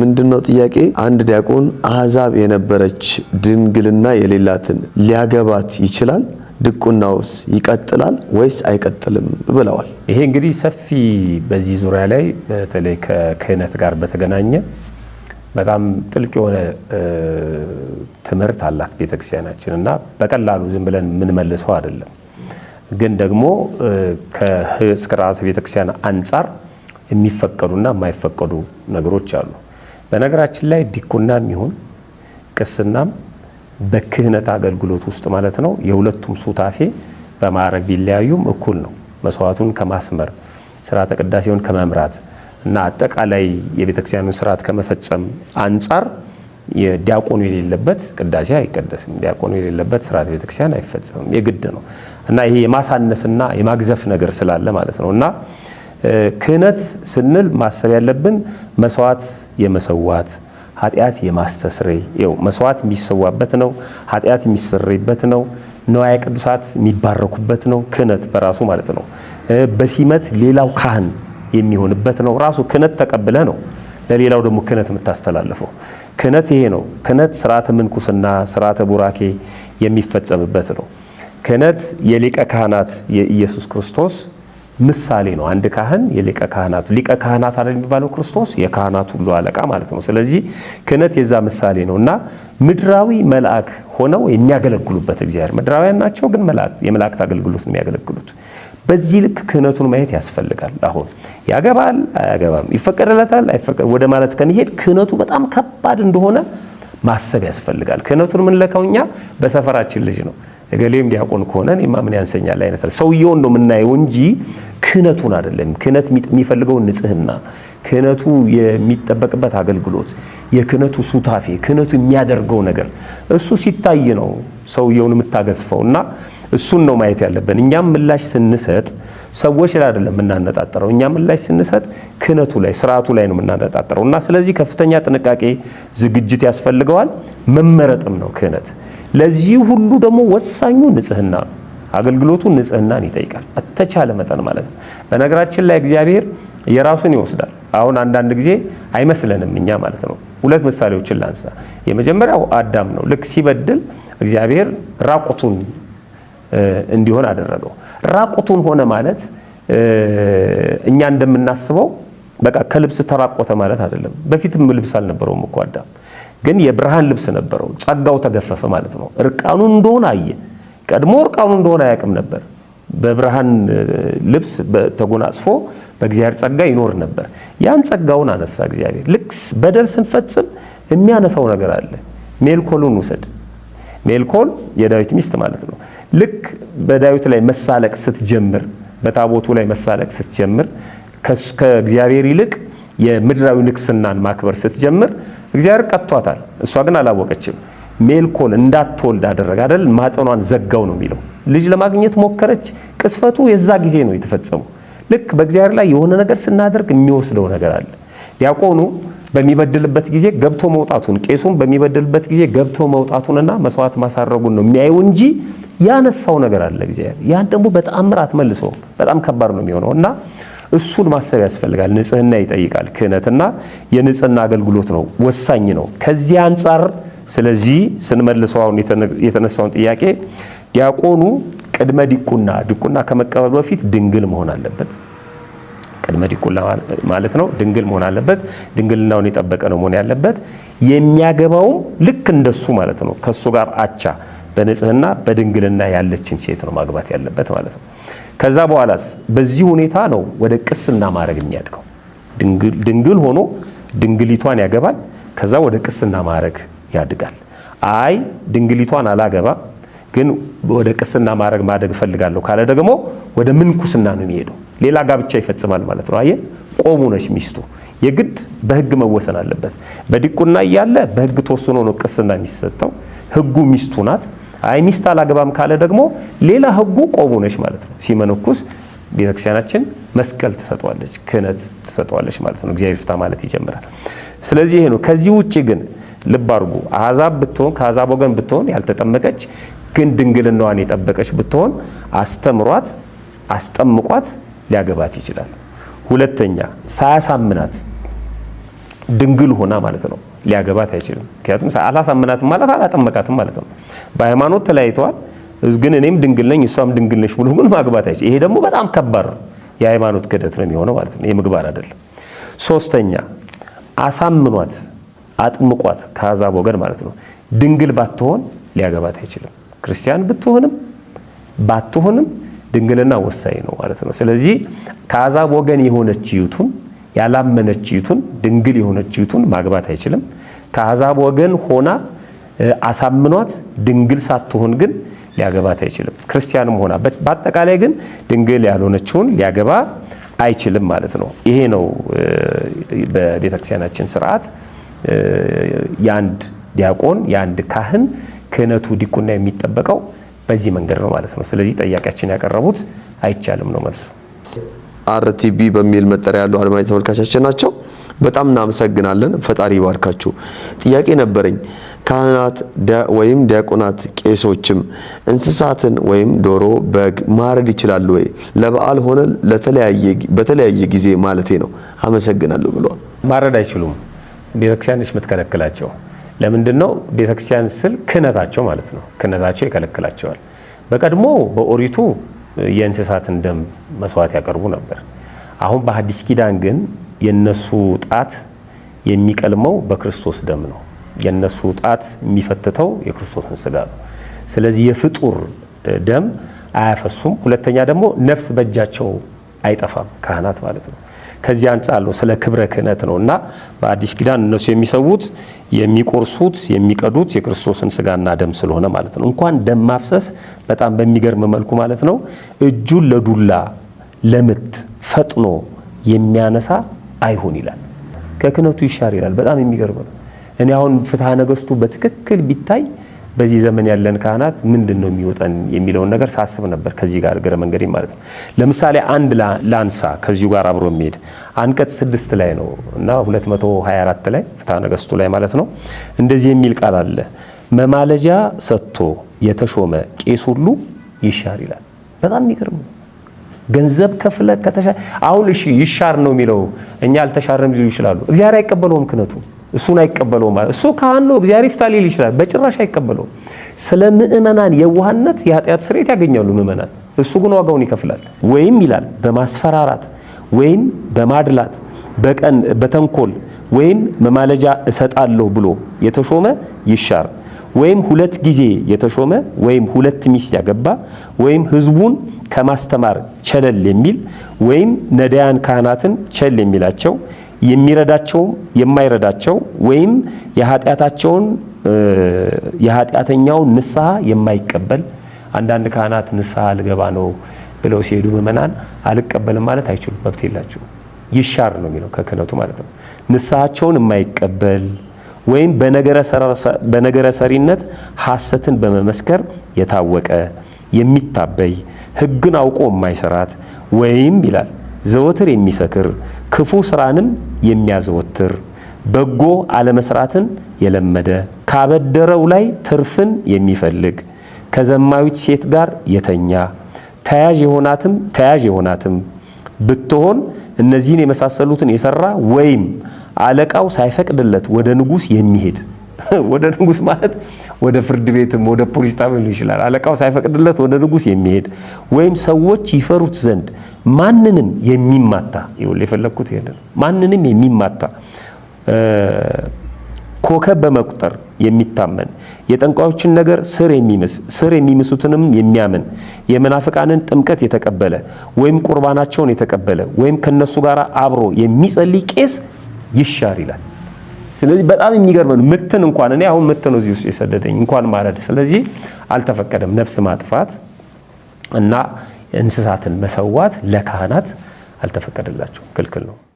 ምንድነው ጥያቄ? አንድ ዲያቆን አህዛብ የነበረች ድንግልና የሌላትን ሊያገባት ይችላል? ድቁናውስ ይቀጥላል ወይስ አይቀጥልም ብለዋል። ይሄ እንግዲህ ሰፊ በዚህ ዙሪያ ላይ በተለይ ከክህነት ጋር በተገናኘ በጣም ጥልቅ የሆነ ትምህርት አላት ቤተክርስቲያናችን እና በቀላሉ ዝም ብለን የምንመልሰው አይደለም። ግን ደግሞ ከስርዓተ ቤተክርስቲያን አንጻር የሚፈቀዱና የማይፈቀዱ ነገሮች አሉ። በነገራችን ላይ ዲቁናም ይሁን ቅስናም በክህነት አገልግሎት ውስጥ ማለት ነው የሁለቱም ሱታፌ በማዕረግ ቢለያዩም እኩል ነው። መስዋዕቱን ከማስመር ስርዓተ ቅዳሴውን ከመምራት እና አጠቃላይ የቤተክርስቲያኑን ስርዓት ከመፈጸም አንጻር ዲያቆኑ የሌለበት ቅዳሴ አይቀደስም። ዲያቆኑ የሌለበት ስርዓት ቤተክርስቲያን አይፈጸምም። የግድ ነው እና ይሄ የማሳነስና የማግዘፍ ነገር ስላለ ማለት ነው እና ክህነት ስንል ማሰብ ያለብን መስዋዕት የመሰዋት ኃጢአት የማስተስሬ ው መስዋዕት የሚሰዋበት ነው። ኃጢአት የሚሰሬበት ነው። ንዋየ ቅዱሳት የሚባረኩበት ነው። ክህነት በራሱ ማለት ነው። በሲመት ሌላው ካህን የሚሆንበት ነው። ራሱ ክህነት ተቀብለ ነው ለሌላው ደግሞ ክህነት የምታስተላልፈው ክህነት ይሄ ነው። ክህነት ስርዓተ ምንኩስና፣ ስርዓተ ቡራኬ የሚፈጸምበት ነው። ክህነት የሊቀ ካህናት የኢየሱስ ክርስቶስ ምሳሌ ነው። አንድ ካህን የሊቀ ካህናቱ ሊቀ ካህናት አለ የሚባለው ክርስቶስ የካህናት ሁሉ አለቃ ማለት ነው። ስለዚህ ክህነት የዛ ምሳሌ ነው እና ምድራዊ መልአክ ሆነው የሚያገለግሉበት እግዚአብሔር ምድራውያን ናቸው፣ ግን የመላእክት አገልግሎት ነው የሚያገለግሉት። በዚህ ልክ ክህነቱን ማየት ያስፈልጋል። አሁን ያገባል አያገባም፣ ይፈቀድለታል ወደ ማለት ከመሄድ ክህነቱ በጣም ከባድ እንደሆነ ማሰብ ያስፈልጋል። ክህነቱን የምንለካው እኛ በሰፈራችን ልጅ ነው እገሌም ዲያቆን ከሆነ እኔማ ምን ያንሰኛል አይነት ሰውየውን ነው የምናየው እንጂ ክህነቱን አይደለም። ክህነት የሚፈልገው ንጽህና፣ ክህነቱ የሚጠበቅበት አገልግሎት፣ የክህነቱ ሱታፌ፣ ክህነቱ የሚያደርገው ነገር እሱ ሲታይ ነው ሰውየውን የምታገዝፈው እና እሱን ነው ማየት ያለብን። እኛም ምላሽ ስንሰጥ ሰዎች ላይ አይደለም የምናነጣጠረው። እኛም ምላሽ ስንሰጥ ክህነቱ ላይ ስርዓቱ ላይ ነው የምናነጣጠረው እና ስለዚህ ከፍተኛ ጥንቃቄ ዝግጅት ያስፈልገዋል። መመረጥም ነው ክህነት ለዚህ ሁሉ ደግሞ ወሳኙ ንጽህና ነው። አገልግሎቱ ንጽህናን ይጠይቃል፣ በተቻለ መጠን ማለት ነው። በነገራችን ላይ እግዚአብሔር የራሱን ይወስዳል። አሁን አንዳንድ ጊዜ አይመስለንም እኛ ማለት ነው። ሁለት ምሳሌዎችን ላንሳ። የመጀመሪያው አዳም ነው። ልክ ሲበድል እግዚአብሔር ራቁቱን እንዲሆን አደረገው። ራቁቱን ሆነ ማለት እኛ እንደምናስበው በቃ ከልብስ ተራቆተ ማለት አይደለም። በፊትም ልብስ አልነበረውም እኮ አዳም ግን የብርሃን ልብስ ነበረው። ጸጋው ተገፈፈ ማለት ነው። እርቃኑ እንደሆነ አየ። ቀድሞ እርቃኑ እንደሆነ አያውቅም ነበር። በብርሃን ልብስ ተጎናጽፎ በእግዚአብሔር ጸጋ ይኖር ነበር። ያን ጸጋውን አነሳ እግዚአብሔር። ልክ በደል ስንፈጽም የሚያነሳው ነገር አለ። ሜልኮልን ውሰድ። ሜልኮል የዳዊት ሚስት ማለት ነው። ልክ በዳዊት ላይ መሳለቅ ስትጀምር፣ በታቦቱ ላይ መሳለቅ ስትጀምር ከእግዚአብሔር ይልቅ የምድራዊ ንግስናን ማክበር ስትጀምር እግዚአብሔር ቀጥቷታል። እሷ ግን አላወቀችም። ሜልኮን እንዳትወልድ አደረገ አይደል? ማጸኗን ዘጋው ነው የሚለው። ልጅ ለማግኘት ሞከረች። ቅስፈቱ የዛ ጊዜ ነው የተፈጸሙ። ልክ በእግዚአብሔር ላይ የሆነ ነገር ስናደርግ የሚወስደው ነገር አለ። ዲያቆኑ በሚበድልበት ጊዜ ገብቶ መውጣቱን፣ ቄሱም በሚበድልበት ጊዜ ገብቶ መውጣቱንና መስዋዕት ማሳረጉን ነው የሚያየው እንጂ ያነሳው ነገር አለ እግዚአብሔር። ያን ደግሞ በተአምር አትመልሰውም። በጣም ከባድ ነው የሚሆነው እና እሱን ማሰብ ያስፈልጋል። ንጽህና ይጠይቃል። ክህነትና የንጽህና አገልግሎት ነው፣ ወሳኝ ነው። ከዚህ አንጻር ስለዚህ ስንመልሰው አሁን የተነሳውን ጥያቄ ዲያቆኑ ቅድመ ዲቁና ዲቁና ከመቀበሉ በፊት ድንግል መሆን አለበት። ቅድመ ዲቁና ማለት ነው ድንግል መሆን አለበት። ድንግልናውን የጠበቀ ነው መሆን ያለበት። የሚያገባውም ልክ እንደሱ ማለት ነው ከሱ ጋር አቻ በንጽህና በድንግልና ያለችን ሴት ነው ማግባት ያለበት ማለት ነው። ከዛ በኋላስ በዚህ ሁኔታ ነው ወደ ቅስና ማድረግ የሚያድገው። ድንግል ሆኖ ድንግሊቷን ያገባል። ከዛ ወደ ቅስና ማድረግ ያድጋል። አይ ድንግሊቷን አላገባ ግን ወደ ቅስና ማድረግ ማደግ እፈልጋለሁ ካለ ደግሞ ወደ ምንኩስና ነው የሚሄደው። ሌላ ጋብቻ ይፈጽማል ማለት ነው። አየህ ቆሙ ነች ሚስቱ የግድ በህግ መወሰን አለበት። በዲቁና እያለ በህግ ተወስኖ ነው ቅስና የሚሰጠው። ህጉ ሚስቱ ናት። አይ ሚስት አላገባም ካለ ደግሞ ሌላ ህጉ ቆሙ ነች ማለት ነው። ሲመነኩስ ቤተክርስቲያናችን መስቀል ትሰጠዋለች፣ ክህነት ትሰጠዋለች ማለት ነው። እግዚአብሔር ፍታ ማለት ይጀምራል። ስለዚህ ይሄ ነው። ከዚህ ውጭ ግን ልብ አድርጉ፣ ብትሆን ከአሕዛብ ወገን ብትሆን ያልተጠመቀች ግን ድንግልናዋን የጠበቀች ብትሆን አስተምሯት አስጠምቋት ሊያገባት ይችላል። ሁለተኛ ሳያሳምናት ድንግል ሆና ማለት ነው። ሊያገባት አይችልም። ምክንያቱም አላሳምናትም ማለት አላጠመቃትም ማለት ነው። በሃይማኖት ተለያይተዋል። ግን እኔም ድንግል ነኝ እሷም ድንግል ነች ብሎ ግን ማግባት አይችልም። ይሄ ደግሞ በጣም ከባድ የሃይማኖት ክደት ነው የሚሆነው ማለት ነው። የምግባር አይደለም። ሶስተኛ አሳምኗት፣ አጥምቋት ከአሕዛብ ወገን ማለት ነው። ድንግል ባትሆን ሊያገባት አይችልም። ክርስቲያን ብትሆንም ባትሆንም ድንግልና ወሳኝ ነው ማለት ነው። ስለዚህ ከአሕዛብ ወገን የሆነች ይቱን ያላመነች ይቱን ድንግል የሆነች ይቱን ማግባት አይችልም። ከአሕዛብ ወገን ሆና አሳምኗት ድንግል ሳትሆን ግን ሊያገባት አይችልም። ክርስቲያንም ሆና በአጠቃላይ ግን ድንግል ያልሆነችውን ሊያገባ አይችልም ማለት ነው። ይሄ ነው በቤተክርስቲያናችን ስርዓት የአንድ ዲያቆን የአንድ ካህን ክህነቱ ዲቁና የሚጠበቀው በዚህ መንገድ ነው ማለት ነው። ስለዚህ ጠያቂያችን ያቀረቡት አይቻልም ነው መልሱ። አርቲቢ በሚል መጠሪያ ያለው አድማጭ ተመልካቻችን ናቸው። በጣም እናመሰግናለን። ፈጣሪ ይባርካችሁ። ጥያቄ ነበረኝ። ካህናት ወይም ዲያቆናት ቄሶችም እንስሳትን ወይም ዶሮ፣ በግ ማረድ ይችላሉ ወይ? ለበዓል ሆነ በተለያየ ጊዜ ማለቴ ነው። አመሰግናለሁ ብሏል። ማረድ አይችሉም። ቤተክርስቲያንሽ የምትከለክላቸው ለምንድን ነው? ቤተክርስቲያን ስል ክህነታቸው ማለት ነው። ክህነታቸው ይከለክላቸዋል። በቀድሞ በኦሪቱ የእንስሳትን ደም መስዋዕት ያቀርቡ ነበር። አሁን በሐዲስ ኪዳን ግን የነሱ ጣት የሚቀልመው በክርስቶስ ደም ነው። የነሱ ጣት የሚፈትተው የክርስቶስን ስጋ ነው። ስለዚህ የፍጡር ደም አያፈሱም። ሁለተኛ ደግሞ ነፍስ በእጃቸው አይጠፋም፣ ካህናት ማለት ነው። ከዚህ አንጻር ነው ስለ ክብረ ክህነት ነው እና በአዲስ ኪዳን እነሱ የሚሰዉት የሚቆርሱት የሚቀዱት የክርስቶስን ስጋና ደም ስለሆነ ማለት ነው። እንኳን ደም ማፍሰስ በጣም በሚገርም መልኩ ማለት ነው እጁን ለዱላ ለምት ፈጥኖ የሚያነሳ አይሆን ይላል። ከክህነቱ ይሻር ይላል። በጣም የሚገርም ነው። እኔ አሁን ፍትሐ ነገስቱ በትክክል ቢታይ በዚህ ዘመን ያለን ካህናት ምንድን ነው የሚወጠን የሚለውን ነገር ሳስብ ነበር። ከዚህ ጋር እግረ መንገዴ ማለት ነው። ለምሳሌ አንድ ላንሳ፣ ከዚሁ ጋር አብሮ የሚሄድ አንቀጽ ስድስት ላይ ነው እና 224 ላይ ፍትሐ ነገሥቱ ላይ ማለት ነው እንደዚህ የሚል ቃል አለ። መማለጃ ሰጥቶ የተሾመ ቄስ ሁሉ ይሻር ይላል። በጣም የሚገርም ገንዘብ ከፍለ ከተሻ አሁን እሺ ይሻር ነው የሚለው እኛ አልተሻረም ሊሉ ይችላሉ። እግዚአብሔር አይቀበለውም ክህነቱ እሱን አይቀበለውም ማለት እሱ ካህን ነው እግዚአብሔር ይፍታ ሊል ይችላል። በጭራሽ አይቀበለውም። ስለ ምእመናን የዋህነት የኃጢአት ስርየት ያገኛሉ ምእመናን። እሱ ግን ዋጋውን ይከፍላል። ወይም ይላል በማስፈራራት ወይም በማድላት በቀን በተንኮል ወይም መማለጃ እሰጣለሁ ብሎ የተሾመ ይሻር ወይም ሁለት ጊዜ የተሾመ ወይም ሁለት ሚስት ያገባ ወይም ሕዝቡን ከማስተማር ቸለል የሚል ወይም ነዳያን ካህናትን ቸል የሚላቸው የሚረዳቸውም የማይረዳቸው ወይም የኃጢአታቸውን የኃጢአተኛውን ንስሐ የማይቀበል አንዳንድ ካህናት ንስሐ ልገባ ነው ብለው ሲሄዱ ምእመናን አልቀበልም ማለት አይችሉም። መብት የላቸው ይሻር ነው የሚለው ከክህነቱ ማለት ነው። ንስሐቸውን የማይቀበል ወይም በነገረ ሰሪነት ሐሰትን በመመስከር የታወቀ የሚታበይ ሕግን አውቆ የማይሰራት ወይም ይላል ዘወትር የሚሰክር ክፉ ስራንም የሚያዘወትር በጎ አለመስራትን የለመደ ካበደረው ላይ ትርፍን የሚፈልግ ከዘማዊት ሴት ጋር የተኛ ተያዥ የሆናትም ተያዥ የሆናትም ብትሆን እነዚህን የመሳሰሉትን የሰራ ወይም አለቃው ሳይፈቅድለት ወደ ንጉስ የሚሄድ ወደ ንጉስ ማለት ወደ ፍርድ ቤትም ወደ ፖሊስ ጣቢያ ሊሆን ይችላል። አለቃው ሳይፈቅድለት ወደ ንጉስ የሚሄድ ወይም ሰዎች ይፈሩት ዘንድ ማንንም የሚማታ ይሁን የፈለግኩት ይሄ ነው። ማንንም የሚማታ ኮከብ በመቁጠር የሚታመን የጠንቋዮችን ነገር ስር የሚምስ ስር የሚምሱትንም የሚያምን የመናፍቃንን ጥምቀት የተቀበለ ወይም ቁርባናቸውን የተቀበለ ወይም ከነሱ ጋር አብሮ የሚጸልይ ቄስ ይሻር ይላል። ስለዚህ በጣም የሚገርም ነው። ምትን እንኳን እኔ አሁን ምት ነው እዚህ ውስጥ የሰደደኝ እንኳን ማረድ። ስለዚህ አልተፈቀደም ነፍስ ማጥፋት እና እንስሳትን መሰዋት ለካህናት አልተፈቀደላቸው፣ ክልክል ነው።